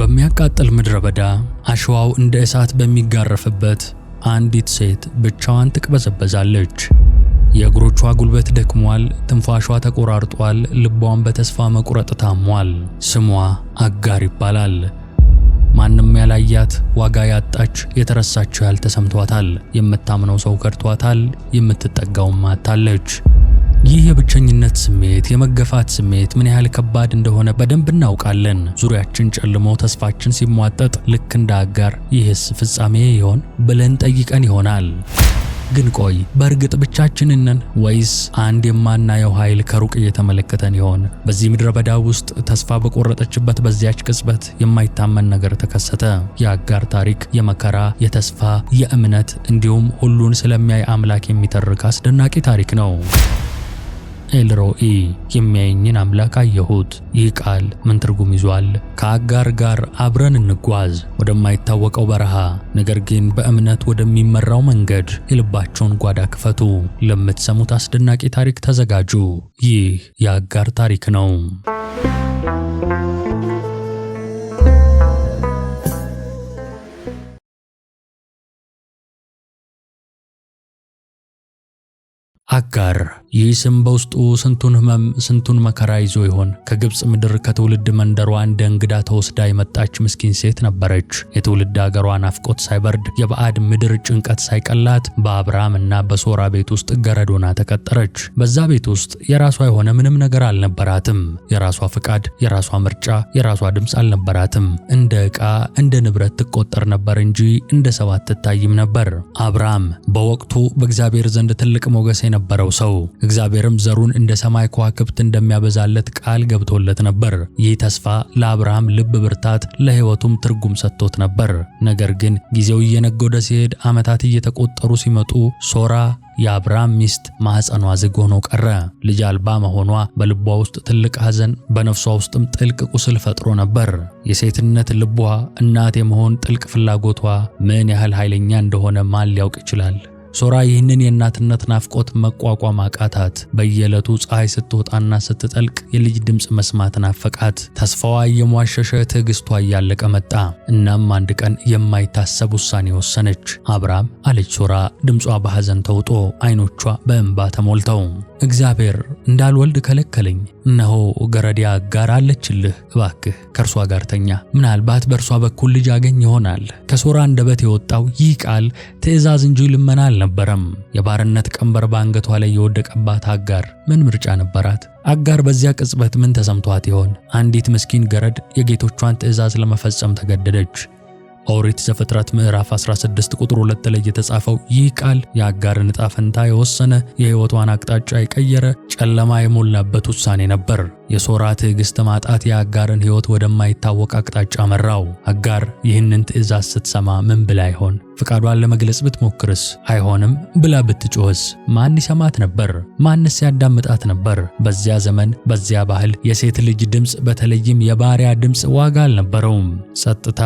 በሚያቃጥል ምድረ በዳ አሸዋው እንደ እሳት በሚጋረፍበት አንዲት ሴት ብቻዋን ትቅበዘበዛለች። የእግሮቿ ጉልበት ደክሟል፣ ትንፋሿ ተቆራርጧል፣ ልቧን በተስፋ መቁረጥ ታሟል። ስሟ አጋር ይባላል። ማንም ያላያት ዋጋ ያጣች የተረሳችው ያህል ተሰምቷታል። የምታምነው ሰው ከድቷታል፣ የምትጠጋውም አታለች። ይህ የብቸኝነት ስሜት የመገፋት ስሜት ምን ያህል ከባድ እንደሆነ በደንብ እናውቃለን። ዙሪያችን ጨልሞ ተስፋችን ሲሟጠጥ ልክ እንደ አጋር ይህስ ፍጻሜ ይሆን ብለን ጠይቀን ይሆናል። ግን ቆይ በእርግጥ ብቻችንን ነን ወይስ አንድ የማናየው ኃይል ከሩቅ እየተመለከተን ይሆን? በዚህ ምድረ በዳ ውስጥ ተስፋ በቆረጠችበት በዚያች ቅጽበት የማይታመን ነገር ተከሰተ። የአጋር ታሪክ የመከራ፣ የተስፋ፣ የእምነት እንዲሁም ሁሉን ስለሚያይ አምላክ የሚተርክ አስደናቂ ታሪክ ነው። ኤልሮኢ የሚያየኝን አምላክ አየሁት። ይህ ቃል ምን ትርጉም ይዟል? ከአጋር ጋር አብረን እንጓዝ ወደማይታወቀው በረሃ፣ ነገር ግን በእምነት ወደሚመራው መንገድ የልባቸውን ጓዳ ክፈቱ። ለምትሰሙት አስደናቂ ታሪክ ተዘጋጁ። ይህ የአጋር ታሪክ ነው። አጋር ይህ ስም በውስጡ ስንቱን ህመም ስንቱን መከራ ይዞ ይሆን? ከግብፅ ምድር ከትውልድ መንደሯ እንደ እንግዳ ተወስዳ የመጣች ምስኪን ሴት ነበረች። የትውልድ አገሯ ናፍቆት ሳይበርድ፣ የባዕድ ምድር ጭንቀት ሳይቀላት በአብርሃም እና በሶራ ቤት ውስጥ ገረዶና ተቀጠረች። በዛ ቤት ውስጥ የራሷ የሆነ ምንም ነገር አልነበራትም። የራሷ ፍቃድ፣ የራሷ ምርጫ፣ የራሷ ድምፅ አልነበራትም። እንደ ዕቃ፣ እንደ ንብረት ትቆጠር ነበር እንጂ እንደ ሰው አትታይም ነበር። አብርሃም በወቅቱ በእግዚአብሔር ዘንድ ትልቅ ሞገስ የነበረው ሰው። እግዚአብሔርም ዘሩን እንደ ሰማይ ከዋክብት እንደሚያበዛለት ቃል ገብቶለት ነበር። ይህ ተስፋ ለአብርሃም ልብ ብርታት፣ ለሕይወቱም ትርጉም ሰጥቶት ነበር። ነገር ግን ጊዜው እየነጎደ ሲሄድ፣ ዓመታት እየተቆጠሩ ሲመጡ ሶራ የአብርሃም ሚስት ማኅፀኗ ዝግ ሆኖ ቀረ። ልጅ አልባ መሆኗ በልቧ ውስጥ ትልቅ ሐዘን፣ በነፍሷ ውስጥም ጥልቅ ቁስል ፈጥሮ ነበር። የሴትነት ልቧ፣ እናት የመሆን ጥልቅ ፍላጎቷ ምን ያህል ኃይለኛ እንደሆነ ማን ሊያውቅ ይችላል? ሶራ ይህንን የእናትነት ናፍቆት መቋቋም አቃታት። በየዕለቱ ፀሐይ ስትወጣና ስትጠልቅ የልጅ ድምፅ መስማት ናፈቃት። ተስፋዋ እየሟሸሸ ትዕግስቷ እያለቀ መጣ። እናም አንድ ቀን የማይታሰብ ውሳኔ ወሰነች። አብራም አለች ሶራ፣ ድምጿ በሐዘን ተውጦ አይኖቿ በእንባ ተሞልተው እግዚአብሔር እንዳልወልድ ከለከለኝ። እነሆ ገረዲያ አጋር አለችልህ፣ እባክህ ከእርሷ ጋር ተኛ፣ ምናልባት በእርሷ በኩል ልጅ አገኝ ይሆናል። ከሶራ አንደበት የወጣው ይህ ቃል ትእዛዝ እንጂ ልመና አልነበረም። የባርነት ቀንበር በአንገቷ ላይ የወደቀባት አጋር ምን ምርጫ ነበራት? አጋር በዚያ ቅጽበት ምን ተሰምቷት ይሆን? አንዲት ምስኪን ገረድ የጌቶቿን ትእዛዝ ለመፈጸም ተገደደች። ኦሪት ዘፍጥረት ምዕራፍ 16 ቁጥር 2 ላይ የተጻፈው ይህ ቃል የአጋርን ዕጣ ፈንታ የወሰነ፣ የሕይወቷን አቅጣጫ የቀየረ፣ ጨለማ የሞላበት ውሳኔ ነበር። የሶራ ትዕግስት ማጣት የአጋርን ሕይወት ወደማይታወቅ አቅጣጫ መራው። አጋር ይህንን ትእዛዝ ስትሰማ ምን ብላ ይሆን? ፍቃዷን ለመግለጽ ብትሞክርስ? አይሆንም ብላ ብትጮህስ? ማን ይሰማት ነበር? ማንስ ያዳምጣት ነበር? በዚያ ዘመን በዚያ ባህል የሴት ልጅ ድምፅ በተለይም የባሪያ ድምፅ ዋጋ አልነበረውም። ጸጥታ፣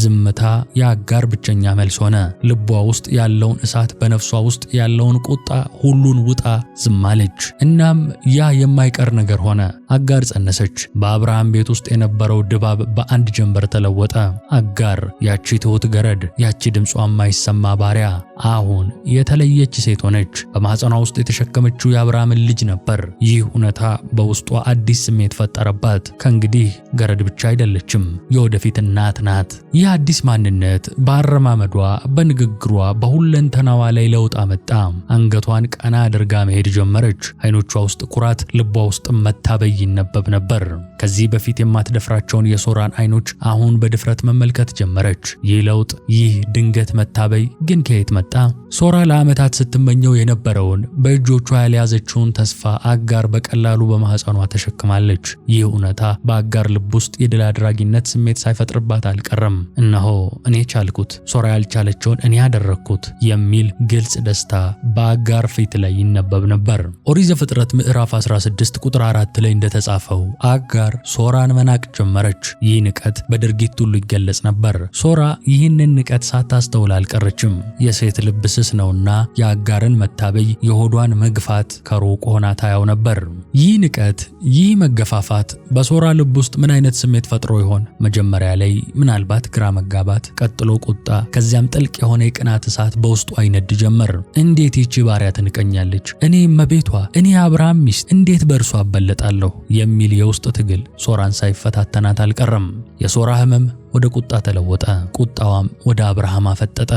ዝምታ የአጋር ብቸኛ መልስ ሆነ። ልቧ ውስጥ ያለውን እሳት፣ በነፍሷ ውስጥ ያለውን ቁጣ ሁሉን ውጣ ዝም አለች። እናም ያ የማይቀር ነገር ሆነ። አጋር ጸነሰች። በአብርሃም ቤት ውስጥ የነበረው ድባብ በአንድ ጀንበር ተለወጠ። አጋር ያቺ ትሁት ገረድ፣ ያቺ ድምጿ የማይሰማ ባሪያ አሁን የተለየች ሴት ሆነች። በማኅፀኗ ውስጥ የተሸከመችው የአብርሃምን ልጅ ነበር። ይህ እውነታ በውስጧ አዲስ ስሜት ፈጠረባት። ከእንግዲህ ገረድ ብቻ አይደለችም፣ የወደፊት እናት ናት። ይህ አዲስ ማንነት በአረማመዷ፣ በንግግሯ፣ በሁለንተናዋ ላይ ለውጥ አመጣ። አንገቷን ቀና አድርጋ መሄድ ጀመረች። አይኖቿ ውስጥ ኩራት፣ ልቧ ውስጥ መታበይ ይነበብ ነበር። ከዚህ በፊት የማትደፍራቸውን የሶራን አይኖች አሁን በድፍረት መመልከት ጀመረች። ይህ ለውጥ፣ ይህ ድንገት መታበይ ግን ከየት መጣ? ሶራ ለዓመታት ስትመኘው የነበረውን በእጆቿ ያልያዘችውን ተስፋ አጋር በቀላሉ በማህፀኗ ተሸክማለች። ይህ እውነታ በአጋር ልብ ውስጥ የድል አድራጊነት ስሜት ሳይፈጥርባት አልቀረም። እነሆ እኔ ቻልኩት፣ ሶራ ያልቻለችውን እኔ ያደረግኩት የሚል ግልጽ ደስታ በአጋር ፊት ላይ ይነበብ ነበር። ኦሪት ዘፍጥረት ምዕራፍ 16 ቁጥር 4 ላይ እንደተጻፈው አጋር ሶራን መናቅ ጀመረች። ይህ ንቀት በድርጊት ሁሉ ይገለጽ ነበር። ሶራ ይህንን ንቀት ሳታስተውላ አልቀረችም። የሴት ልብ ስስ ነውና የአጋርን መታበይ፣ የሆዷን መግፋት ከሩቅ ሆና ታያው ነበር። ይህ ንቀት፣ ይህ መገፋፋት በሶራ ልብ ውስጥ ምን አይነት ስሜት ፈጥሮ ይሆን? መጀመሪያ ላይ ምናልባት ግራ መጋባት፣ ቀጥሎ ቁጣ፣ ከዚያም ጥልቅ የሆነ የቅናት እሳት በውስጡ አይነድ ጀመር። እንዴት ይቺ ባሪያ ትንቀኛለች? እኔ መቤቷ፣ እኔ አብርሃም ሚስት፣ እንዴት በእርሷ አበለጣለሁ? የሚል የውስጥ ትግል ሶራን ሳይፈታተናት አልቀረም። የሶራ ህመም ወደ ቁጣ ተለወጠ። ቁጣዋም ወደ አብርሃም አፈጠጠ።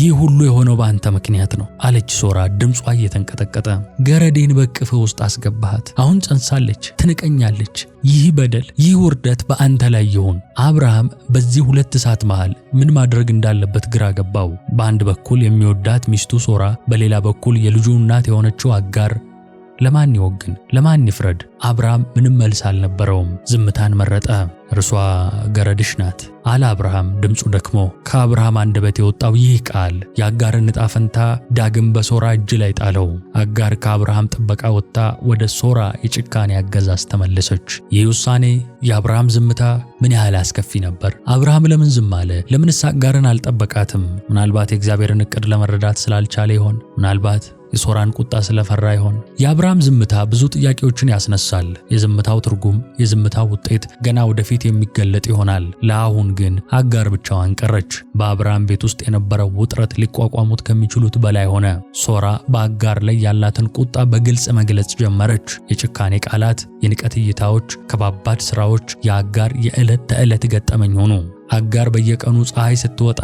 ይህ ሁሉ የሆነው በአንተ ምክንያት ነው አለች ሶራ ድምጿ እየተንቀጠቀጠ። ገረዴን በቅፍ ውስጥ አስገባሃት። አሁን ጸንሳለች፣ ትንቀኛለች። ይህ በደል፣ ይህ ውርደት በአንተ ላይ ይሁን። አብርሃም በዚህ ሁለት እሳት መሃል ምን ማድረግ እንዳለበት ግራ ገባው። በአንድ በኩል የሚወዳት ሚስቱ ሶራ፣ በሌላ በኩል የልጁ እናት የሆነችው አጋር ለማን ይወግን? ለማን ይፍረድ? አብርሃም ምንም መልስ አልነበረውም። ዝምታን መረጠ። እርሷ ገረድሽ ናት አለ አብርሃም ድምፁ ደክሞ። ከአብርሃም አንደበት የወጣው ይህ ቃል የአጋርን ዕጣ ፈንታ ዳግም በሶራ እጅ ላይ ጣለው። አጋር ከአብርሃም ጥበቃ ወጥታ ወደ ሶራ የጭካኔ አገዛዝ ተመለሰች። ይህ ውሳኔ፣ የአብርሃም ዝምታ ምን ያህል አስከፊ ነበር! አብርሃም ለምን ዝም አለ? ለምንስ አጋርን አልጠበቃትም? ምናልባት የእግዚአብሔርን ዕቅድ ለመረዳት ስላልቻለ ይሆን? ምናልባት የሶራን ቁጣ ስለፈራ ይሆን? የአብርሃም ዝምታ ብዙ ጥያቄዎችን ያስነሳል። የዝምታው ትርጉም፣ የዝምታው ውጤት ገና ወደፊት የሚገለጥ ይሆናል። ለአሁን ግን አጋር ብቻዋን ቀረች። በአብርሃም ቤት ውስጥ የነበረው ውጥረት ሊቋቋሙት ከሚችሉት በላይ ሆነ። ሶራ በአጋር ላይ ያላትን ቁጣ በግልጽ መግለጽ ጀመረች። የጭካኔ ቃላት፣ የንቀት እይታዎች፣ ከባባድ ስራዎች የአጋር የዕለት ተዕለት ገጠመኝ ሆኑ። አጋር በየቀኑ ፀሐይ ስትወጣ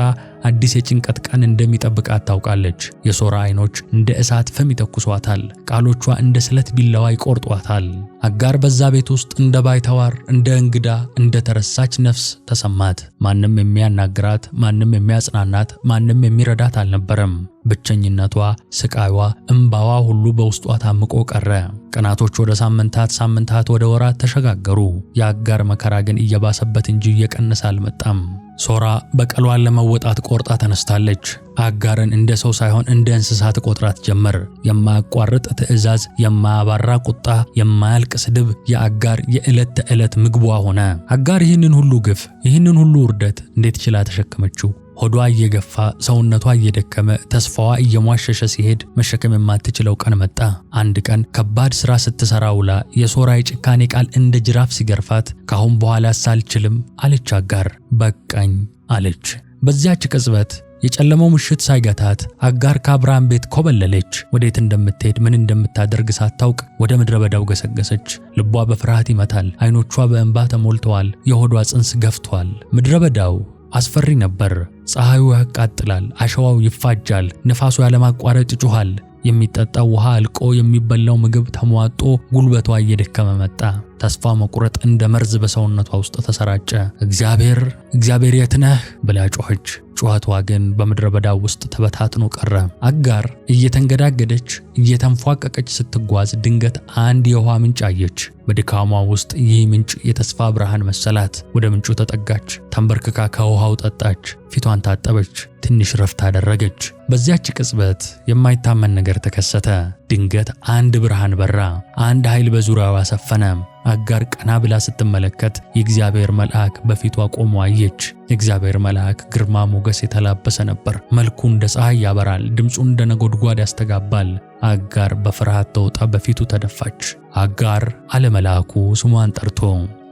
አዲስ የጭንቀት ቀን እንደሚጠብቃት ታውቃለች። የሶራ አይኖች እንደ እሳት ፍም ይተኩሷታል፣ ቃሎቿ እንደ ስለት ቢላዋ ይቆርጧታል። አጋር በዛ ቤት ውስጥ እንደ ባይተዋር፣ እንደ እንግዳ፣ እንደ ተረሳች ነፍስ ተሰማት። ማንም የሚያናግራት፣ ማንም የሚያጽናናት፣ ማንም የሚረዳት አልነበረም። ብቸኝነቷ፣ ስቃይዋ፣ እምባዋ ሁሉ በውስጧ ታምቆ ቀረ። ቀናቶች ወደ ሳምንታት፣ ሳምንታት ወደ ወራት ተሸጋገሩ። የአጋር መከራ ግን እየባሰበት እንጂ እየቀነሰ አልመጣም። ሶራ በቀሏን ለመወጣት ቆርጣ ተነስታለች። አጋርን እንደ ሰው ሳይሆን እንደ እንስሳት ትቆጥራት ጀመር። የማያቋርጥ ትዕዛዝ፣ የማያባራ ቁጣ፣ የማያልቅ ስድብ የአጋር የዕለት ተዕለት ምግቧ ሆነ። አጋር ይህንን ሁሉ ግፍ፣ ይህንን ሁሉ ውርደት እንዴት ችላ ተሸከመችው? ሆዷ እየገፋ ሰውነቷ እየደከመ ተስፋዋ እየሟሸሸ ሲሄድ መሸከም የማትችለው ቀን መጣ። አንድ ቀን ከባድ ሥራ ስትሠራ ውላ የሶራ የጭካኔ ቃል እንደ ጅራፍ ሲገርፋት ካሁን በኋላ ሳልችልም አለች። አጋር በቃኝ አለች። በዚያች ቅጽበት የጨለመው ምሽት ሳይገታት አጋር ከአብርሃም ቤት ኮበለለች። ወዴት እንደምትሄድ ምን እንደምታደርግ ሳታውቅ ወደ ምድረ በዳው ገሰገሰች። ልቧ በፍርሃት ይመታል። ዓይኖቿ በእንባ ተሞልተዋል። የሆዷ ጽንስ ገፍቷል። ምድረ በዳው አስፈሪ ነበር። ፀሐዩ ያቃጥላል፣ አሸዋው ይፋጃል፣ ነፋሱ ያለማቋረጥ ይጮኋል! የሚጠጣው ውሃ አልቆ የሚበላው ምግብ ተሟጦ ጉልበቷ እየደከመ መጣ። ተስፋ መቁረጥ እንደ መርዝ በሰውነቷ ውስጥ ተሰራጨ። እግዚአብሔር እግዚአብሔር የት ነህ ብላ ጮኸች። ጩኸቷ ግን በምድረ በዳው ውስጥ ተበታትኖ ቀረ። አጋር እየተንገዳገደች እየተንፏቀቀች ስትጓዝ ድንገት አንድ የውሃ ምንጭ አየች። በድካሟ ውስጥ ይህ ምንጭ የተስፋ ብርሃን መሰላት። ወደ ምንጩ ተጠጋች። ተንበርክካ ከውሃው ጠጣች። ፊቷን ታጠበች። ትንሽ ረፍት አደረገች። በዚያች ቅጽበት የማይታመን ነገር ተከሰተ። ድንገት አንድ ብርሃን በራ። አንድ ኃይል በዙሪያዋ ሰፈነ። አጋር ቀና ብላ ስትመለከት የእግዚአብሔር መልአክ በፊቷ ቆሞ አየች። የእግዚአብሔር መልአክ ግርማ ሞገስ የተላበሰ ነበር። መልኩ እንደ ፀሐይ ያበራል፣ ድምፁ እንደ ነጎድጓድ ያስተጋባል። አጋር በፍርሃት ተውጣ በፊቱ ተደፋች። አጋር አለ መልአኩ ስሟን ጠርቶ።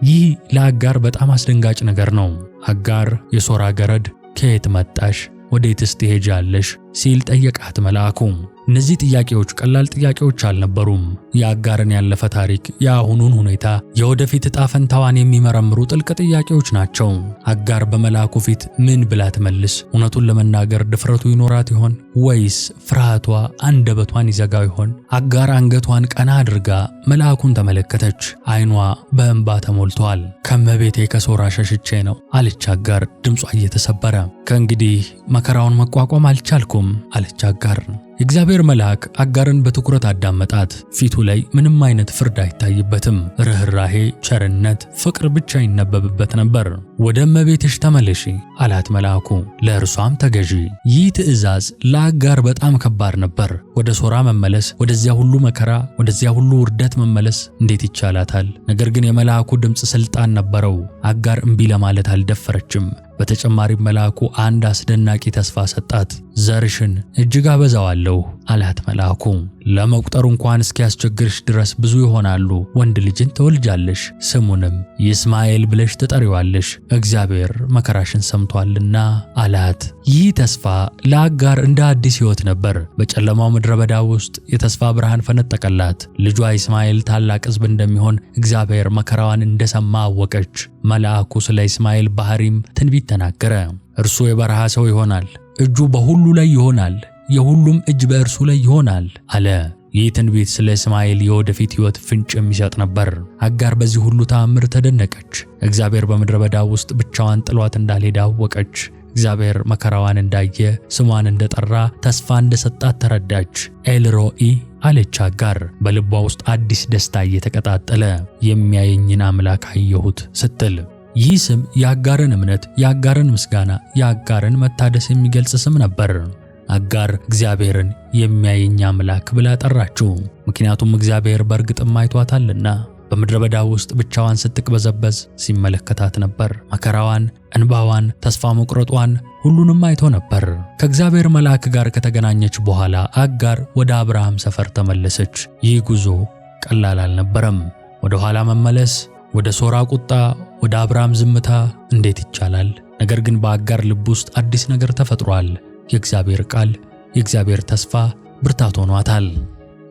ይህ ለአጋር በጣም አስደንጋጭ ነገር ነው። አጋር የሶራ ገረድ ከየት መጣሽ? ወዴትስ ትሄጃለሽ? ሲል ጠየቃት መልአኩ። እነዚህ ጥያቄዎች ቀላል ጥያቄዎች አልነበሩም። የአጋርን ያለፈ ታሪክ፣ የአሁኑን ሁኔታ፣ የወደፊት ጣፈንታዋን ፈንታዋን የሚመረምሩ ጥልቅ ጥያቄዎች ናቸው። አጋር በመልአኩ ፊት ምን ብላ ትመልስ? እውነቱን ለመናገር ድፍረቱ ይኖራት ይሆን? ወይስ ፍርሃቷ አንደበቷን ይዘጋው ይሆን? አጋር አንገቷን ቀና አድርጋ መልአኩን ተመለከተች። ዓይኗ በእንባ ተሞልተዋል። ከመቤቴ ከሶራ ሸሽቼ ነው አለች አጋር፣ ድምጿ እየተሰበረ። ከእንግዲህ መከራውን መቋቋም አልቻልኩም አለች አጋር። የእግዚአብሔር መልአክ አጋርን በትኩረት አዳመጣት። ፊቱ ላይ ምንም አይነት ፍርድ አይታይበትም። ርኅራሄ፣ ቸርነት፣ ፍቅር ብቻ ይነበብበት ነበር። ወደ እመቤትሽ ተመለሺ አላት መልአኩ፣ ለእርሷም ተገዢ። ይህ ትእዛዝ ለአጋር በጣም ከባድ ነበር። ወደ ሶራ መመለስ፣ ወደዚያ ሁሉ መከራ፣ ወደዚያ ሁሉ ውርደት መመለስ እንዴት ይቻላታል? ነገር ግን የመልአኩ ድምፅ ሥልጣን ነበረው። አጋር እምቢ ለማለት አልደፈረችም። በተጨማሪም መልአኩ አንድ አስደናቂ ተስፋ ሰጣት። ዘርሽን እጅግ አበዛዋለሁ አላት መልአኩ። ለመቁጠር እንኳን እስኪያስቸግርሽ ድረስ ብዙ ይሆናሉ። ወንድ ልጅን ትወልጃለሽ፣ ስሙንም ይስማኤል ብለሽ ትጠሪዋለሽ፣ እግዚአብሔር መከራሽን ሰምቷልና አላት። ይህ ተስፋ ለአጋር እንደ አዲስ ሕይወት ነበር። በጨለማው ምድረ በዳ ውስጥ የተስፋ ብርሃን ፈነጠቀላት። ልጇ ይስማኤል ታላቅ ሕዝብ እንደሚሆን እግዚአብሔር መከራዋን እንደሰማ አወቀች። መልአኩ ስለ ይስማኤል ባህሪም ትንቢት ተናገረ። እርሱ የበረሃ ሰው ይሆናል፣ እጁ በሁሉ ላይ ይሆናል የሁሉም እጅ በእርሱ ላይ ይሆናል አለ። ይህ ትንቢት ስለ እስማኤል የወደፊት ሕይወት ፍንጭ የሚሰጥ ነበር። አጋር በዚህ ሁሉ ተአምር ተደነቀች። እግዚአብሔር በምድረ በዳ ውስጥ ብቻዋን ጥሏት እንዳልሄደ አወቀች። እግዚአብሔር መከራዋን እንዳየ፣ ስሟን እንደጠራ፣ ተስፋ እንደሰጣት ተረዳች። ኤልሮኢ አለች አጋር በልቧ ውስጥ አዲስ ደስታ እየተቀጣጠለ የሚያየኝን አምላክ አየሁት ስትል። ይህ ስም የአጋርን እምነት፣ የአጋርን ምስጋና፣ የአጋርን መታደስ የሚገልጽ ስም ነበር። አጋር እግዚአብሔርን የሚያየኝ አምላክ ብላ ጠራችው። ምክንያቱም እግዚአብሔር በእርግጥም አይቷታልና። በምድረ በዳ ውስጥ ብቻዋን ስትቅበዘበዝ ሲመለከታት ነበር። መከራዋን፣ እንባዋን፣ ተስፋ መቁረጧን ሁሉንም አይቶ ነበር። ከእግዚአብሔር መልአክ ጋር ከተገናኘች በኋላ አጋር ወደ አብርሃም ሰፈር ተመለሰች። ይህ ጉዞ ቀላል አልነበረም። ወደ ኋላ መመለስ፣ ወደ ሶራ ቁጣ፣ ወደ አብርሃም ዝምታ እንዴት ይቻላል? ነገር ግን በአጋር ልብ ውስጥ አዲስ ነገር ተፈጥሯል። የእግዚአብሔር ቃል፣ የእግዚአብሔር ተስፋ ብርታት ሆኗታል።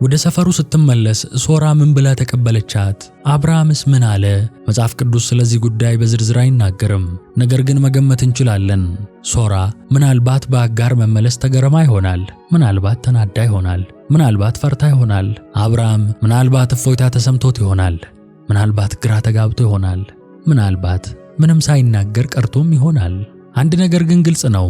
ወደ ሰፈሩ ስትመለስ ሶራ ምን ብላ ተቀበለቻት? አብርሃምስ ምን አለ? መጽሐፍ ቅዱስ ስለዚህ ጉዳይ በዝርዝር አይናገርም። ነገር ግን መገመት እንችላለን። ሶራ ምናልባት በአጋር መመለስ ተገረማ ይሆናል። ምናልባት ተናዳ ይሆናል። ምናልባት ፈርታ ይሆናል። አብርሃም ምናልባት እፎይታ ተሰምቶት ይሆናል። ምናልባት ግራ ተጋብቶ ይሆናል። ምናልባት ምንም ሳይናገር ቀርቶም ይሆናል። አንድ ነገር ግን ግልጽ ነው።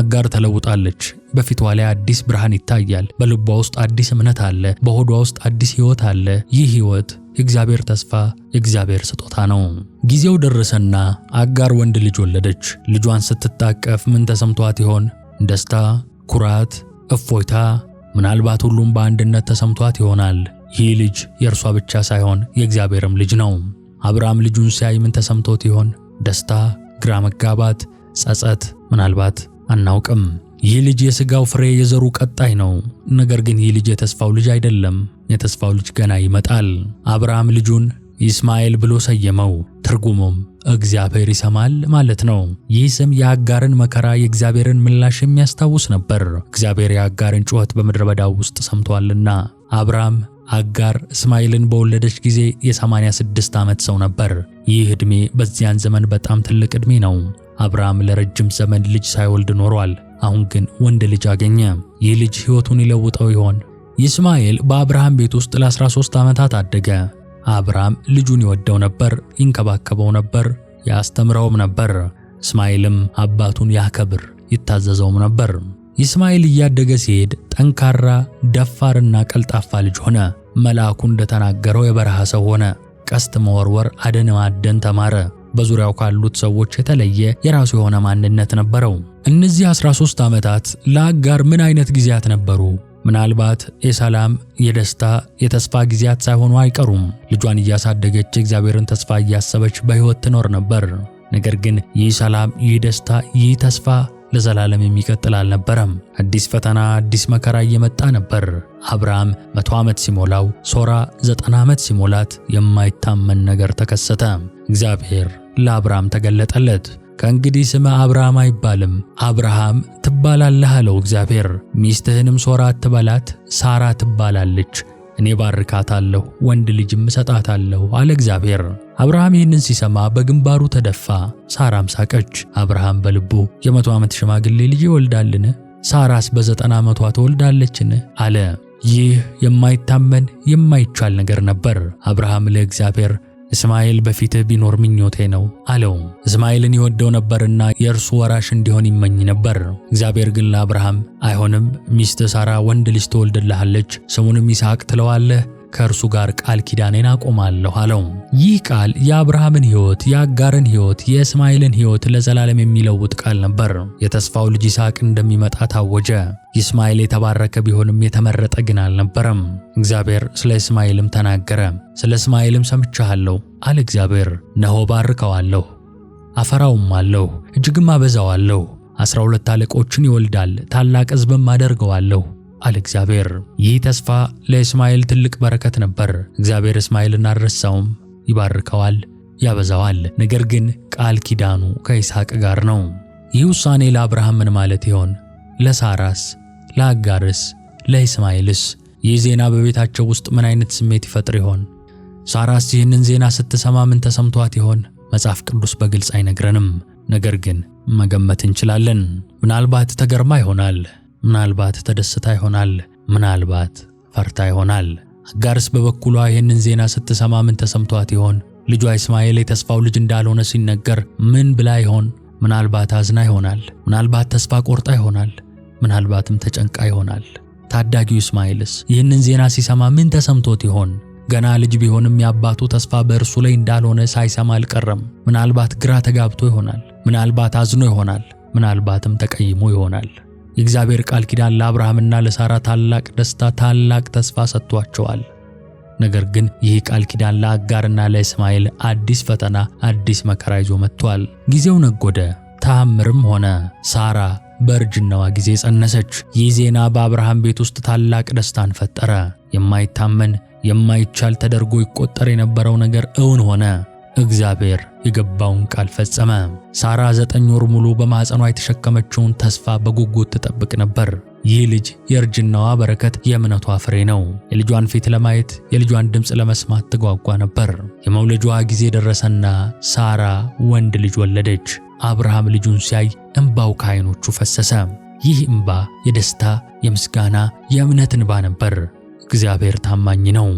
አጋር ተለውጣለች። በፊቷ ላይ አዲስ ብርሃን ይታያል። በልቧ ውስጥ አዲስ እምነት አለ። በሆዷ ውስጥ አዲስ ሕይወት አለ። ይህ ሕይወት የእግዚአብሔር ተስፋ፣ የእግዚአብሔር ስጦታ ነው። ጊዜው ደረሰና አጋር ወንድ ልጅ ወለደች። ልጇን ስትታቀፍ ምን ተሰምቷት ይሆን? ደስታ፣ ኩራት፣ እፎይታ፣ ምናልባት ሁሉም በአንድነት ተሰምቷት ይሆናል። ይህ ልጅ የእርሷ ብቻ ሳይሆን የእግዚአብሔርም ልጅ ነው። አብርሃም ልጁን ሲያይ ምን ተሰምቶት ይሆን? ደስታ፣ ግራ መጋባት፣ ጸጸት፣ ምናልባት አናውቅም። ይህ ልጅ የሥጋው ፍሬ የዘሩ ቀጣይ ነው። ነገር ግን ይህ ልጅ የተስፋው ልጅ አይደለም። የተስፋው ልጅ ገና ይመጣል። አብርሃም ልጁን ይስማኤል ብሎ ሰየመው። ትርጉሙም እግዚአብሔር ይሰማል ማለት ነው። ይህ ስም የአጋርን መከራ የእግዚአብሔርን ምላሽ የሚያስታውስ ነበር። እግዚአብሔር የአጋርን ጩኸት በምድረ በዳው ውስጥ ሰምቷልና። አብርሃም አጋር እስማኤልን በወለደች ጊዜ የ86 ዓመት ሰው ነበር። ይህ ዕድሜ በዚያን ዘመን በጣም ትልቅ ዕድሜ ነው። አብርሃም ለረጅም ዘመን ልጅ ሳይወልድ ኖሯል። አሁን ግን ወንድ ልጅ አገኘ። ይህ ልጅ ሕይወቱን ይለውጠው ይሆን? ይስማኤል በአብርሃም ቤት ውስጥ ለ13 ዓመታት አደገ። አብርሃም ልጁን ይወደው ነበር፣ ይንከባከበው ነበር፣ ያስተምረውም ነበር። እስማኤልም አባቱን ያከብር፣ ይታዘዘውም ነበር። ይስማኤል እያደገ ሲሄድ ጠንካራ፣ ደፋርና ቀልጣፋ ልጅ ሆነ። መልአኩ እንደተናገረው የበረሃ ሰው ሆነ። ቀስት መወርወር፣ አደን ማደን ተማረ። በዙሪያው ካሉት ሰዎች የተለየ የራሱ የሆነ ማንነት ነበረው። እነዚህ 13 ዓመታት ለአጋር ምን አይነት ጊዜያት ነበሩ? ምናልባት የሰላም፣ የደስታ፣ የተስፋ ጊዜያት ሳይሆኑ አይቀሩም። ልጇን እያሳደገች የእግዚአብሔርን ተስፋ እያሰበች በሕይወት ትኖር ነበር። ነገር ግን ይህ ሰላም፣ ይህ ደስታ፣ ይህ ተስፋ ለዘላለም የሚቀጥል አልነበረም። አዲስ ፈተና፣ አዲስ መከራ እየመጣ ነበር። አብርሃም መቶ ዓመት ሲሞላው፣ ሶራ ዘጠና ዓመት ሲሞላት የማይታመን ነገር ተከሰተ። እግዚአብሔር ለአብርሃም ተገለጠለት። ከእንግዲህ ስምህ አብርሃም አይባልም አብርሃም ትባላለህ አለው እግዚአብሔር። ሚስትህንም ሶራ አትበላት፣ ሳራ ትባላለች። እኔ ባርካታለሁ፣ ወንድ ልጅም እሰጣታለሁ አለ እግዚአብሔር። አብርሃም ይህንን ሲሰማ በግንባሩ ተደፋ፣ ሳራም ሳቀች። አብርሃም በልቡ የመቶ ዓመት ሽማግሌ ልጅ ይወልዳልን? ሳራስ በዘጠና ዓመቷ ትወልዳለችን? አለ። ይህ የማይታመን የማይቻል ነገር ነበር። አብርሃም ለእግዚአብሔር እስማኤል በፊትህ ቢኖር ምኞቴ ነው አለው። እስማኤልን ይወደው ነበርና የእርሱ ወራሽ እንዲሆን ይመኝ ነበር። እግዚአብሔር ግን ለአብርሃም አይሆንም፣ ሚስት ሳራ ወንድ ልጅ ትወልድልሃለች፣ ስሙንም ይስሐቅ ትለዋለህ ከእርሱ ጋር ቃል ኪዳኔን አቆማለሁ አለው። ይህ ቃል የአብርሃምን ሕይወት፣ የአጋርን ሕይወት፣ የእስማኤልን ሕይወት ለዘላለም የሚለውጥ ቃል ነበር። የተስፋው ልጅ ይስሐቅ እንደሚመጣ ታወጀ። ይስማኤል የተባረከ ቢሆንም የተመረጠ ግን አልነበረም። እግዚአብሔር ስለ እስማኤልም ተናገረ። ስለ እስማኤልም ሰምቻለሁ አለ እግዚአብሔር። ነሆ ባርከዋለሁ፣ አፈራውም አለሁ፣ እጅግም አበዛዋለሁ። አስራ ሁለት አለቆችን ይወልዳል፣ ታላቅ ሕዝብም አደርገዋለሁ አለ እግዚአብሔር። ይህ ተስፋ ለእስማኤል ትልቅ በረከት ነበር። እግዚአብሔር እስማኤልን አልረሳውም፣ ይባርከዋል፣ ያበዛዋል። ነገር ግን ቃል ኪዳኑ ከይስሐቅ ጋር ነው። ይህ ውሳኔ ለአብርሃም ምን ማለት ይሆን? ለሳራስ? ለአጋርስ? ለእስማኤልስ? ይህ ዜና በቤታቸው ውስጥ ምን አይነት ስሜት ይፈጥር ይሆን? ሳራስ ይህንን ዜና ስትሰማ ምን ተሰምቷት ይሆን? መጽሐፍ ቅዱስ በግልጽ አይነግረንም። ነገር ግን መገመት እንችላለን። ምናልባት ተገርማ ይሆናል። ምናልባት ተደስታ ይሆናል፣ ምናልባት ፈርታ ይሆናል። አጋርስ በበኩሏ ይህንን ዜና ስትሰማ ምን ተሰምቷት ይሆን? ልጇ እስማኤል የተስፋው ልጅ እንዳልሆነ ሲነገር ምን ብላ ይሆን? ምናልባት አዝና ይሆናል፣ ምናልባት ተስፋ ቆርጣ ይሆናል፣ ምናልባትም ተጨንቃ ይሆናል። ታዳጊው እስማኤልስ ይህንን ዜና ሲሰማ ምን ተሰምቶት ይሆን? ገና ልጅ ቢሆንም የአባቱ ተስፋ በእርሱ ላይ እንዳልሆነ ሳይሰማ አልቀረም። ምናልባት ግራ ተጋብቶ ይሆናል፣ ምናልባት አዝኖ ይሆናል፣ ምናልባትም ተቀይሞ ይሆናል። የእግዚአብሔር ቃል ኪዳን ለአብርሃምና ለሳራ ታላቅ ደስታ፣ ታላቅ ተስፋ ሰጥቷቸዋል። ነገር ግን ይህ ቃል ኪዳን ለአጋርና ለእስማኤል አዲስ ፈተና፣ አዲስ መከራ ይዞ መጥቷል። ጊዜው ነጎደ፣ ተአምርም ሆነ። ሳራ በእርጅናዋ ጊዜ ጸነሰች። ይህ ዜና በአብርሃም ቤት ውስጥ ታላቅ ደስታን ፈጠረ። የማይታመን የማይቻል ተደርጎ ይቆጠር የነበረው ነገር እውን ሆነ። እግዚአብሔር የገባውን ቃል ፈጸመ። ሳራ ዘጠኝ ወር ሙሉ በማኅፀኗ የተሸከመችውን ተስፋ በጉጉት ትጠብቅ ነበር። ይህ ልጅ የእርጅናዋ በረከት የእምነቷ ፍሬ ነው። የልጇን ፊት ለማየት የልጇን ድምፅ ለመስማት ትጓጓ ነበር። የመውለጇ ጊዜ ደረሰና ሳራ ወንድ ልጅ ወለደች። አብርሃም ልጁን ሲያይ እምባው ከዓይኖቹ ፈሰሰ። ይህ እምባ የደስታ፣ የምስጋና፣ የእምነት እንባ ነበር። እግዚአብሔር ታማኝ ነው።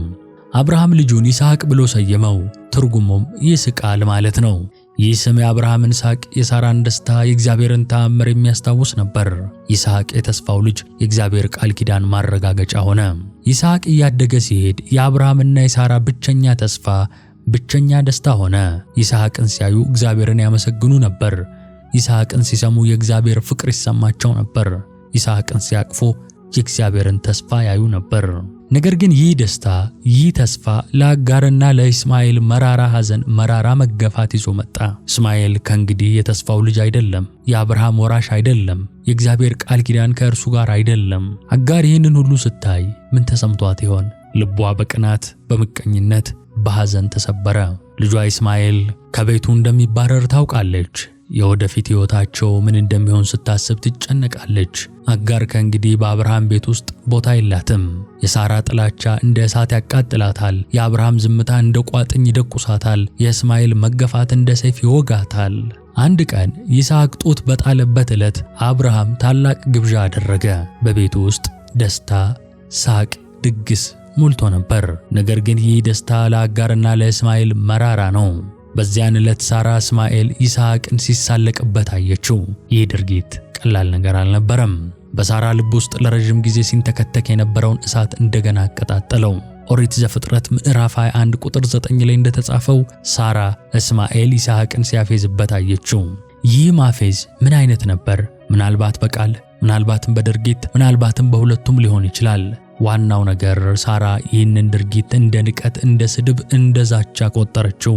አብርሃም ልጁን ይስሐቅ ብሎ ሰየመው። ትርጉሙም ይስቃል ማለት ነው። ይህ ስም የአብርሃምን ሳቅ፣ የሳራን ደስታ፣ የእግዚአብሔርን ተአምር የሚያስታውስ ነበር። ይስሐቅ የተስፋው ልጅ የእግዚአብሔር ቃል ኪዳን ማረጋገጫ ሆነ። ይስሐቅ እያደገ ሲሄድ የአብርሃምና የሳራ ብቸኛ ተስፋ፣ ብቸኛ ደስታ ሆነ። ይስሐቅን ሲያዩ እግዚአብሔርን ያመሰግኑ ነበር። ይስሐቅን ሲሰሙ የእግዚአብሔር ፍቅር ይሰማቸው ነበር። ይስሐቅን ሲያቅፉ የእግዚአብሔርን ተስፋ ያዩ ነበር። ነገር ግን ይህ ደስታ፣ ይህ ተስፋ ለአጋርና ለእስማኤል መራራ ሐዘን፣ መራራ መገፋት ይዞ መጣ። እስማኤል ከእንግዲህ የተስፋው ልጅ አይደለም፣ የአብርሃም ወራሽ አይደለም፣ የእግዚአብሔር ቃል ኪዳን ከእርሱ ጋር አይደለም። አጋር ይህንን ሁሉ ስታይ ምን ተሰምቷት ይሆን? ልቧ በቅናት በምቀኝነት፣ በሐዘን ተሰበረ። ልጇ እስማኤል ከቤቱ እንደሚባረር ታውቃለች። የወደፊት ሕይወታቸው ምን እንደሚሆን ስታስብ ትጨነቃለች። አጋር ከእንግዲህ በአብርሃም ቤት ውስጥ ቦታ የላትም። የሳራ ጥላቻ እንደ እሳት ያቃጥላታል። የአብርሃም ዝምታ እንደ ቋጥኝ ይደቁሳታል። የእስማኤል መገፋት እንደ ሰይፍ ይወጋታል። አንድ ቀን ይስሐቅ ጡት በጣለበት ዕለት አብርሃም ታላቅ ግብዣ አደረገ። በቤቱ ውስጥ ደስታ፣ ሳቅ፣ ድግስ ሞልቶ ነበር። ነገር ግን ይህ ደስታ ለአጋርና ለእስማኤል መራራ ነው። በዚያን ዕለት ሳራ እስማኤል ይስሐቅን ሲሳለቅበት አየችው። ይህ ድርጊት ቀላል ነገር አልነበረም። በሳራ ልብ ውስጥ ለረዥም ጊዜ ሲንተከተክ የነበረውን እሳት እንደገና አቀጣጠለው። ኦሪት ዘፍጥረት ምዕራፍ 21 ቁጥር 9 ላይ እንደተጻፈው ሳራ እስማኤል ይስሐቅን ሲያፌዝበት አየችው። ይህ ማፌዝ ምን አይነት ነበር? ምናልባት በቃል ምናልባትም በድርጊት ምናልባትም በሁለቱም ሊሆን ይችላል። ዋናው ነገር ሳራ ይህንን ድርጊት እንደ ንቀት፣ እንደ ስድብ፣ እንደ ዛቻ ቆጠረችው።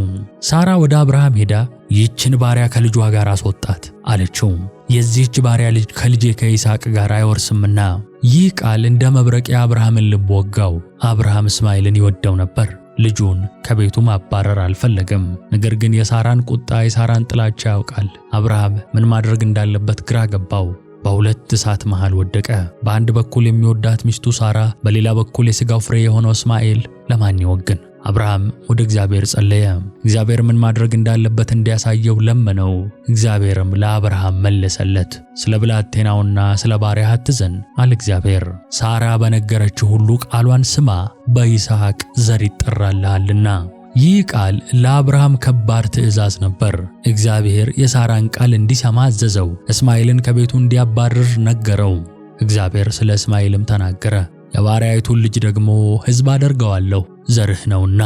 ሳራ ወደ አብርሃም ሄዳ ይህችን ባሪያ ከልጇ ጋር አስወጣት አለችው። የዚህች ባሪያ ልጅ ከልጄ ከይስሐቅ ጋር አይወርስምና። ይህ ቃል እንደ መብረቅ የአብርሃምን ልብ ወጋው። አብርሃም እስማኤልን ይወደው ነበር። ልጁን ከቤቱ ማባረር አልፈለገም። ነገር ግን የሳራን ቁጣ፣ የሳራን ጥላቻ ያውቃል። አብርሃም ምን ማድረግ እንዳለበት ግራ ገባው። በሁለት እሳት መሃል ወደቀ። በአንድ በኩል የሚወዳት ሚስቱ ሳራ፣ በሌላ በኩል የሥጋው ፍሬ የሆነው እስማኤል። ለማን ይወግን? አብርሃም ወደ እግዚአብሔር ጸለየ። እግዚአብሔር ምን ማድረግ እንዳለበት እንዲያሳየው ለመነው። እግዚአብሔርም ለአብርሃም መለሰለት። ስለ ብላቴናውና ስለ ባሪያህ አትዘን አለ እግዚአብሔር። ሳራ በነገረችው ሁሉ ቃሏን ስማ፣ በይስሐቅ ዘር ይጠራልሃልና። ይህ ቃል ለአብርሃም ከባድ ትእዛዝ ነበር። እግዚአብሔር የሳራን ቃል እንዲሰማ አዘዘው። እስማኤልን ከቤቱ እንዲያባርር ነገረው። እግዚአብሔር ስለ እስማኤልም ተናገረ። የባሪያይቱን ልጅ ደግሞ ሕዝብ አደርገዋለሁ ዘርህ ነውና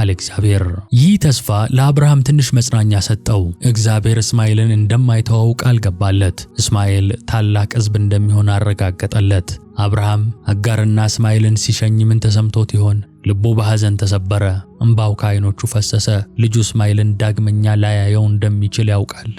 አለ እግዚአብሔር። ይህ ተስፋ ለአብርሃም ትንሽ መጽናኛ ሰጠው። እግዚአብሔር እስማኤልን እንደማይተዋው ቃል ገባለት። እስማኤል ታላቅ ሕዝብ እንደሚሆን አረጋገጠለት። አብርሃም አጋርና እስማኤልን ሲሸኝ ምን ተሰምቶት ይሆን? ልቡ በሐዘን ተሰበረ፣ እምባው ከዓይኖቹ ፈሰሰ። ልጁ እስማኤልን ዳግመኛ ላያየው እንደሚችል ያውቃል።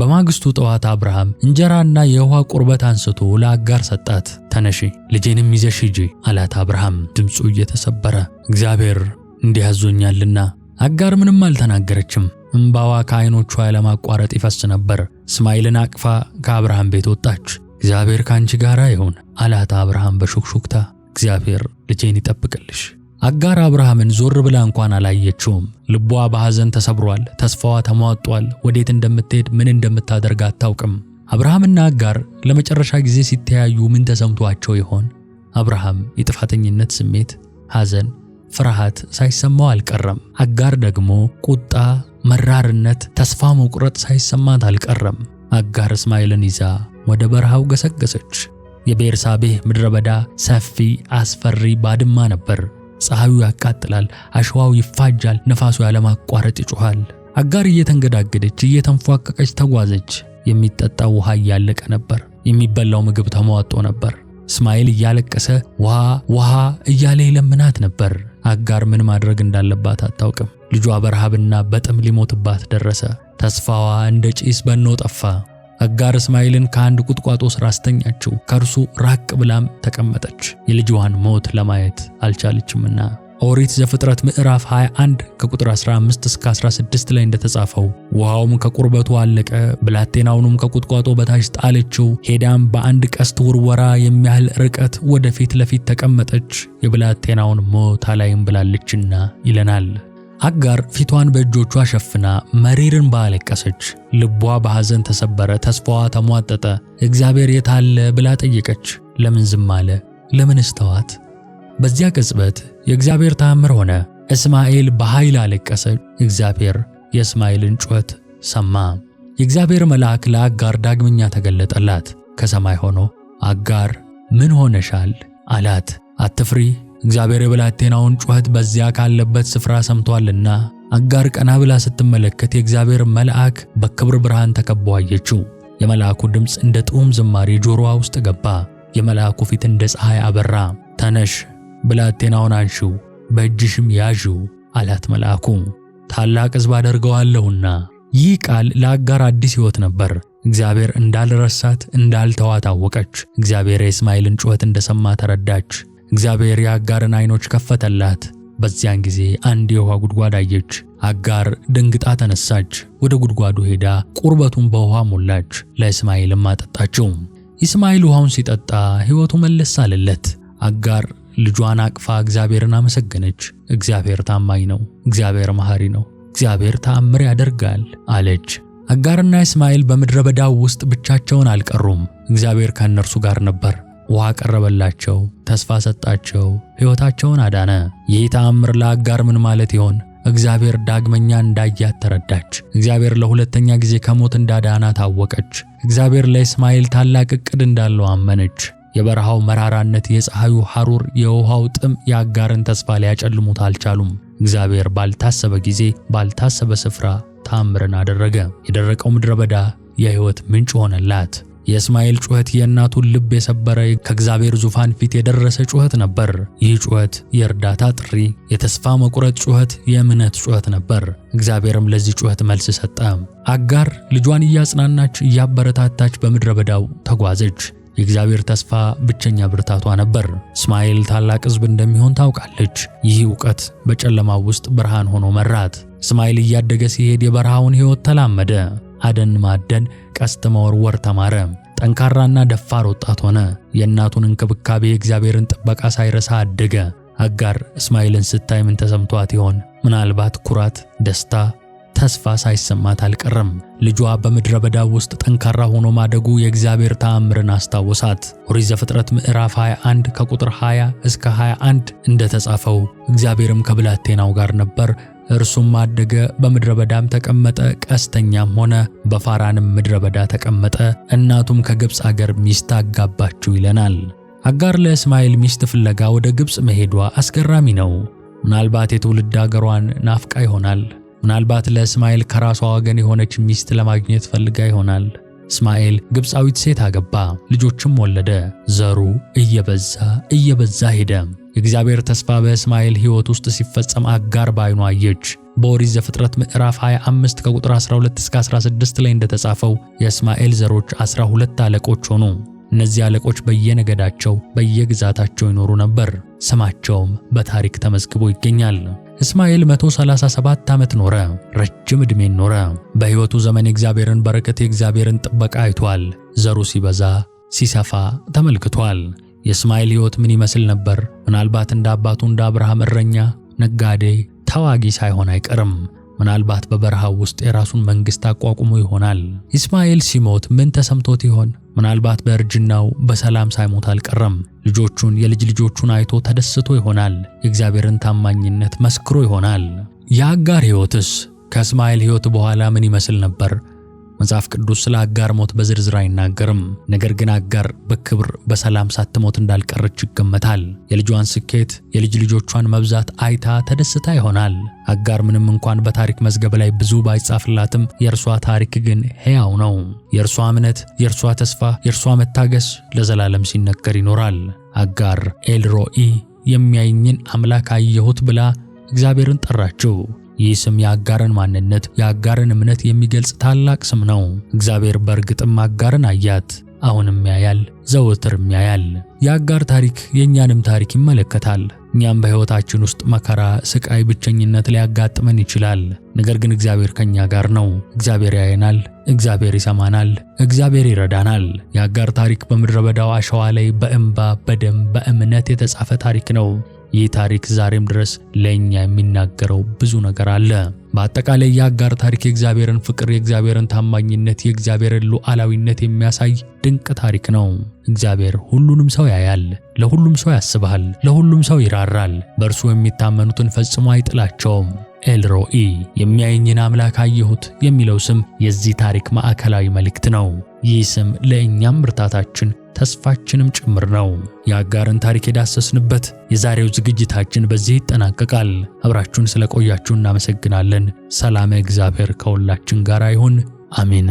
በማግስቱ ጠዋት አብርሃም እንጀራና የውሃ ቁርበት አንስቶ ለአጋር ሰጣት። ተነሺ ልጄንም ይዘሽ ሂጂ አላት። አብርሃም ድምፁ እየተሰበረ እግዚአብሔር እንዲህ አዞኛልና። አጋር ምንም አልተናገረችም። እምባዋ ከዓይኖቿ ለማቋረጥ ይፈስ ነበር። እስማኤልን አቅፋ ከአብርሃም ቤት ወጣች። እግዚአብሔር ከአንቺ ጋር ይሁን አላት አብርሃም በሹክሹክታ። እግዚአብሔር ልጄን ይጠብቅልሽ አጋር አብርሃምን ዞር ብላ እንኳን አላየችውም። ልቧ በሐዘን ተሰብሯል፣ ተስፋዋ ተሟጧል። ወዴት እንደምትሄድ ምን እንደምታደርግ አታውቅም። አብርሃምና አጋር ለመጨረሻ ጊዜ ሲተያዩ ምን ተሰምቷቸው ይሆን? አብርሃም የጥፋተኝነት ስሜት፣ ሐዘን፣ ፍርሃት ሳይሰማው አልቀረም። አጋር ደግሞ ቁጣ፣ መራርነት፣ ተስፋ መቁረጥ ሳይሰማት አልቀረም። አጋር እስማኤልን ይዛ ወደ በረሃው ገሰገሰች። የቤርሳቤህ ምድረ በዳ ሰፊ፣ አስፈሪ ባድማ ነበር። ፀሐዩ ያቃጥላል፣ አሸዋው ይፋጃል፣ ነፋሱ ያለማቋረጥ ይጮሃል። አጋር እየተንገዳገደች እየተንፏቀቀች ተጓዘች። የሚጠጣው ውሃ እያለቀ ነበር። የሚበላው ምግብ ተሟጦ ነበር። እስማኤል እያለቀሰ ውሃ ውሃ እያለ ይለምናት ነበር። አጋር ምን ማድረግ እንዳለባት አታውቅም። ልጇ በረሃብና በጥም ሊሞትባት ደረሰ። ተስፋዋ እንደ ጪስ በኖ ጠፋ። አጋር እስማኤልን ከአንድ ቁጥቋጦ ስር አስተኛችው፣ ከእርሱ ራቅ ብላም ተቀመጠች፣ የልጅዋን ሞት ለማየት አልቻለችምና። ኦሪት ዘፍጥረት ምዕራፍ 21 ከቁጥር 15 እስከ 16 ላይ እንደተጻፈው ውሃውም ከቁርበቱ አለቀ፣ ብላቴናውንም ከቁጥቋጦ በታች ጣለችው። ሄዳም በአንድ ቀስት ውርወራ የሚያህል ርቀት ወደፊት ለፊት ተቀመጠች፣ የብላቴናውን ሞት አላይም ብላለችና ይለናል። አጋር ፊቷን በእጆቿ ሸፍና መሪርን ባለቀሰች፣ ልቧ በሐዘን ተሰበረ፣ ተስፋዋ ተሟጠጠ። እግዚአብሔር የት አለ ብላ ጠየቀች። ለምን ዝም አለ? ለምን ተዋት? በዚያ ቅጽበት የእግዚአብሔር ተአምር ሆነ። እስማኤል በኃይል አለቀሰ። እግዚአብሔር የእስማኤልን ጩኸት ሰማ። የእግዚአብሔር መልአክ ለአጋር ዳግመኛ ተገለጠላት። ከሰማይ ሆኖ አጋር ምን ሆነሻል? አላት። አትፍሪ እግዚአብሔር የብላቴናውን ጩኸት በዚያ ካለበት ስፍራ ሰምቷልና። አጋር ቀና ብላ ስትመለከት የእግዚአብሔር መልአክ በክብር ብርሃን ተከቦ አየችው። የመልአኩ ድምፅ እንደ ጥዑም ዝማሬ ጆሮዋ ውስጥ ገባ። የመልአኩ ፊት እንደ ፀሐይ አበራ። ተነሽ፣ ብላቴናውን አንሺው፣ በእጅሽም ያዢው አላት መልአኩ። ታላቅ ሕዝብ አደርገዋለሁና። ይህ ቃል ለአጋር አዲስ ሕይወት ነበር። እግዚአብሔር እንዳልረሳት እንዳልተዋት አወቀች። እግዚአብሔር የእስማኤልን ጩኸት እንደሰማ ተረዳች። እግዚአብሔር የአጋርን ዓይኖች ከፈተላት። በዚያን ጊዜ አንድ የውሃ ጉድጓድ አየች። አጋር ደንግጣ ተነሳች። ወደ ጉድጓዱ ሄዳ ቁርበቱን በውሃ ሞላች፣ ለእስማኤልም አጠጣችው። ኢስማኤል ውሃውን ሲጠጣ ሕይወቱ መለስ አለለት። አጋር ልጇን አቅፋ እግዚአብሔርን አመሰገነች። እግዚአብሔር ታማኝ ነው፣ እግዚአብሔር መሐሪ ነው፣ እግዚአብሔር ተአምር ያደርጋል አለች። አጋርና እስማኤል በምድረ በዳው ውስጥ ብቻቸውን አልቀሩም። እግዚአብሔር ከእነርሱ ጋር ነበር። ውሃ ቀረበላቸው፣ ተስፋ ሰጣቸው፣ ሕይወታቸውን አዳነ። ይህ ተአምር ለአጋር ምን ማለት ይሆን? እግዚአብሔር ዳግመኛ እንዳያት ተረዳች። እግዚአብሔር ለሁለተኛ ጊዜ ከሞት እንዳዳና ታወቀች። እግዚአብሔር ለእስማኤል ታላቅ ዕቅድ እንዳለው አመነች። የበረሃው መራራነት፣ የፀሐዩ ሐሩር፣ የውሃው ጥም የአጋርን ተስፋ ሊያጨልሙት አልቻሉም። እግዚአብሔር ባልታሰበ ጊዜ ባልታሰበ ስፍራ ታምርን አደረገ። የደረቀው ምድረ በዳ የሕይወት ምንጭ ሆነላት። የእስማኤል ጩኸት የእናቱን ልብ የሰበረ ከእግዚአብሔር ዙፋን ፊት የደረሰ ጩኸት ነበር። ይህ ጩኸት የእርዳታ ጥሪ፣ የተስፋ መቁረጥ ጩኸት፣ የእምነት ጩኸት ነበር። እግዚአብሔርም ለዚህ ጩኸት መልስ ሰጠ። አጋር ልጇን እያጽናናች እያበረታታች በምድረ በዳው ተጓዘች። የእግዚአብሔር ተስፋ ብቸኛ ብርታቷ ነበር። እስማኤል ታላቅ ሕዝብ እንደሚሆን ታውቃለች። ይህ እውቀት በጨለማው ውስጥ ብርሃን ሆኖ መራት። እስማኤል እያደገ ሲሄድ የበረሃውን ሕይወት ተላመደ። አደን ማደን፣ ቀስት መወርወር ተማረ። ጠንካራና ደፋር ወጣት ሆነ። የእናቱን እንክብካቤ፣ የእግዚአብሔርን ጥበቃ ሳይረሳ አደገ። አጋር እስማኤልን ስታይ ምን ተሰምቷት ይሆን? ምናልባት ኩራት፣ ደስታ፣ ተስፋ ሳይሰማት አልቀረም። ልጇ በምድረ በዳ ውስጥ ጠንካራ ሆኖ ማደጉ የእግዚአብሔር ተአምርን አስታወሳት። ኦሪት ዘፍጥረት ምዕራፍ 21 ከቁጥር 20 እስከ 21 እንደተጻፈው እግዚአብሔርም ከብላቴናው ጋር ነበር፣ እርሱም አደገ፣ በምድረ በዳም ተቀመጠ፣ ቀስተኛም ሆነ፣ በፋራንም ምድረ በዳ ተቀመጠ። እናቱም ከግብፅ አገር ሚስት አጋባችው ይለናል። አጋር ለእስማኤል ሚስት ፍለጋ ወደ ግብፅ መሄዷ አስገራሚ ነው። ምናልባት የትውልድ አገሯን ናፍቃ ይሆናል። ምናልባት ለእስማኤል ከራሷ ወገን የሆነች ሚስት ለማግኘት ፈልጋ ይሆናል። እስማኤል ግብፃዊት ሴት አገባ፣ ልጆችም ወለደ። ዘሩ እየበዛ እየበዛ ሄደ። የእግዚአብሔር ተስፋ በእስማኤል ሕይወት ውስጥ ሲፈጸም አጋር በዓይኗ አየች። በኦሪት ዘፍጥረት ምዕራፍ 25 ከቁጥር 12 እስከ 16 ላይ እንደተጻፈው የእስማኤል ዘሮች 12 አለቆች ሆኑ። እነዚህ አለቆች በየነገዳቸው በየግዛታቸው ይኖሩ ነበር። ስማቸውም በታሪክ ተመዝግቦ ይገኛል። እስማኤል 137 ዓመት ኖረ። ረጅም ዕድሜን ኖረ። በሕይወቱ ዘመን የእግዚአብሔርን በረከት፣ የእግዚአብሔርን ጥበቃ አይቷል። ዘሩ ሲበዛ ሲሰፋ ተመልክቷል። የእስማኤል ሕይወት ምን ይመስል ነበር? ምናልባት እንደ አባቱ እንደ አብርሃም እረኛ፣ ነጋዴ፣ ተዋጊ ሳይሆን አይቀርም። ምናልባት በበረሃው ውስጥ የራሱን መንግሥት አቋቁሞ ይሆናል። ኢስማኤል ሲሞት ምን ተሰምቶት ይሆን? ምናልባት በእርጅናው በሰላም ሳይሞት አልቀረም። ልጆቹን፣ የልጅ ልጆቹን አይቶ ተደስቶ ይሆናል። የእግዚአብሔርን ታማኝነት መስክሮ ይሆናል። የአጋር ሕይወትስ ከእስማኤል ሕይወት በኋላ ምን ይመስል ነበር? መጽሐፍ ቅዱስ ስለ አጋር ሞት በዝርዝር አይናገርም። ነገር ግን አጋር በክብር በሰላም ሳትሞት እንዳልቀረች ይገመታል። የልጇን ስኬት፣ የልጅ ልጆቿን መብዛት አይታ ተደስታ ይሆናል። አጋር ምንም እንኳን በታሪክ መዝገብ ላይ ብዙ ባይጻፍላትም የእርሷ ታሪክ ግን ሕያው ነው። የእርሷ እምነት፣ የእርሷ ተስፋ፣ የእርሷ መታገስ ለዘላለም ሲነገር ይኖራል። አጋር ኤልሮኢ የሚያይኝን አምላክ አየሁት ብላ እግዚአብሔርን ጠራችው። ይህ ስም የአጋርን ማንነት፣ የአጋርን እምነት የሚገልጽ ታላቅ ስም ነው። እግዚአብሔር በእርግጥም አጋርን አያት፣ አሁንም ያያል፣ ዘወትርም ያያል። የአጋር ታሪክ የእኛንም ታሪክ ይመለከታል። እኛም በሕይወታችን ውስጥ መከራ፣ ስቃይ፣ ብቸኝነት ሊያጋጥመን ይችላል። ነገር ግን እግዚአብሔር ከኛ ጋር ነው። እግዚአብሔር ያየናል፣ እግዚአብሔር ይሰማናል፣ እግዚአብሔር ይረዳናል። የአጋር ታሪክ በምድረ በዳው አሸዋ ላይ በእንባ በደም በእምነት የተጻፈ ታሪክ ነው። ይህ ታሪክ ዛሬም ድረስ ለእኛ የሚናገረው ብዙ ነገር አለ። በአጠቃላይ የአጋር ታሪክ የእግዚአብሔርን ፍቅር፣ የእግዚአብሔርን ታማኝነት፣ የእግዚአብሔርን ሉዓላዊነት የሚያሳይ ድንቅ ታሪክ ነው። እግዚአብሔር ሁሉንም ሰው ያያል፣ ለሁሉም ሰው ያስባል፣ ለሁሉም ሰው ይራራል። በእርሱ የሚታመኑትን ፈጽሞ አይጥላቸውም። ኤልሮኢ የሚያየኝን አምላክ አየሁት የሚለው ስም የዚህ ታሪክ ማዕከላዊ መልእክት ነው። ይህ ስም ለእኛም ብርታታችን ተስፋችንም ጭምር ነው። የአጋርን ታሪክ የዳሰስንበት የዛሬው ዝግጅታችን በዚህ ይጠናቀቃል። አብራችሁን ስለቆያችሁ እናመሰግናለን። ሰላም እግዚአብሔር ከሁላችን ጋር ይሁን። አሜን።